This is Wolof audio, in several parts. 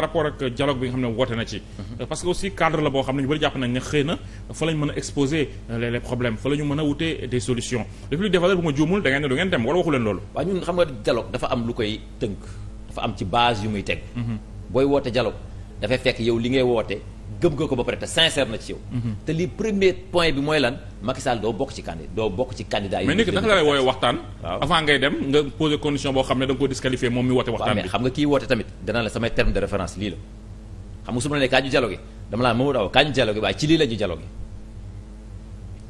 par rapport ak dialogue bi nga xam ne woote na ci. Mhm. parce que aussi cadre la boo xam ne ñu bëri jàpp nañ ne xëy na fa la mën a exposer euh, les les fa la mën a wutee des solutions depuis lu defal bu ma juumul da ngeen du ngeen dem wala waxu leen loolu. waaw ñun xam nga dialogue dafa am lu koy tënk dafa am ci base yu muy teg. Mhm. booy woote dialogue dafay fekk yow li ngay woote gëm nga ko ba pare te sincère na ci yow. Mhm. te li premier point bi mooy lan Macky doo bokk ci candi yi. mais nit ki lay wooyee waxtaan. avant ngay dem nga poser condition boo xam ne da nga ko disqualifié moom mi woote waxtaan bi. mais xam nga kii woote tamit dana la samay terme de référence lii la xam nga su ma kaa ñu dialogué dama laa Mamadou Awa kaa ñu dialogué waaye ci lii la ñu dialogué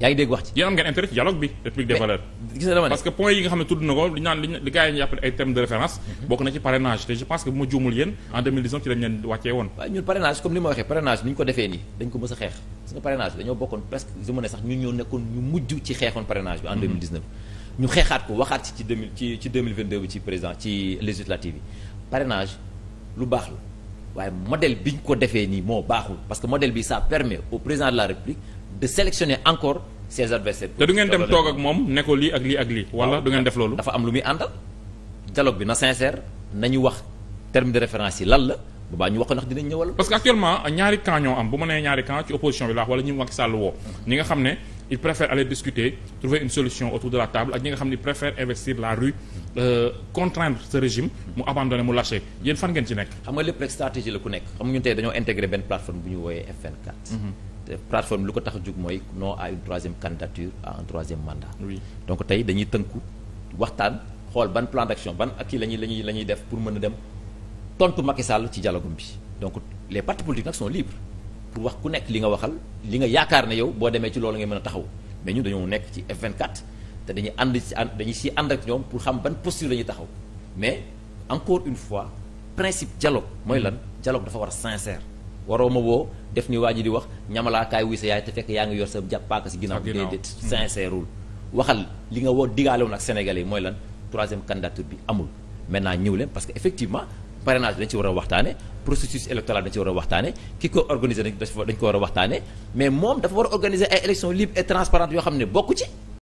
yaa ngi dégg wax ci. yéen am ngeen intérêt ci dialogue bi république des valeurs. gis parce que point yi nga xam ne tudd na ko li naan li gars yi ñu appelé ay termes de référence. Mhm. bokk na ci parrainage te je pense que bu ma juumul yéen en ci lañ leen wàccee woon. waaw ñun parrainage comme ni ma waxee parrainage ni ñu ko defee nii dañ ko mës a xeex parce que parrainage dañoo bokkoon presque je me ne sax ñun ñoo nekkoon ñu mujj ci xeexoon parrainage bi en mhm. ko waxaat ci ci nii moo baaxul parce que modèle bi de sélectionner encore te du ngeen dem toog ak moom ne ko lii ak lii ak lii wala du ngeen def loolu dafa am lu muy àndal dialogue bi na sincère nañu wax terme de référence yi lan la bu baax ñu wax ko ndax dinañ ñëwal parce que actuellement ñaari camp ñoo am bu ma nee ñaari camp ci opposition bi laax wala ñi Macky Sall woo ñi nga xam ne il préfère aller discuter trouver une solution autour de la table ak ñi nga xam ne préfère investir la rue euh, contraindre ce régime mu nekk xam nga lépp rek stratégie la ku nekk xam nga ñun te plateforme lu ko tax a jug mooy non à une troisième candidature à un troisième mandat. Oui. donc tey dañuy tënku waxtaan xool ban plan d'action ban ak kii la ñuy la ñuy la ñuy def pour mën a dem tontu Macky Sall ci dialogue bi donc les partis politiques nag sont libres pour wax ku nekk li nga waxal li nga yaakaar ne yow boo demee ci loolu ngay mën a taxaw mais ñun dañoo nekk ci F24 te dañuy si ci dañuy si ànd ak ñoom pour xam ban posture lañuy ñuy taxaw mais encore une fois principe dialogue mooy lan dialogue dafa war a sincère. waroo ma woo def ni waa ji di wax ñamalaakaay wuy sa yaay te fekk yaa ngi yor sa jàppaaka si ginnaaw déedéet hmm. sincèreul waxal li nga woo digaale woon ak sénégalais yi mooy lan troisième candidature bi amul maintenant ñëw leen parce que effectivement parrainage bi dañ ci war a waxtaane processus électoral dañ ci war a waxtaane ki ko organisé dañ ko war a waxtaane mais moom dafa war a organiser ay élections libres et transparentes yoo xam ne bokk ci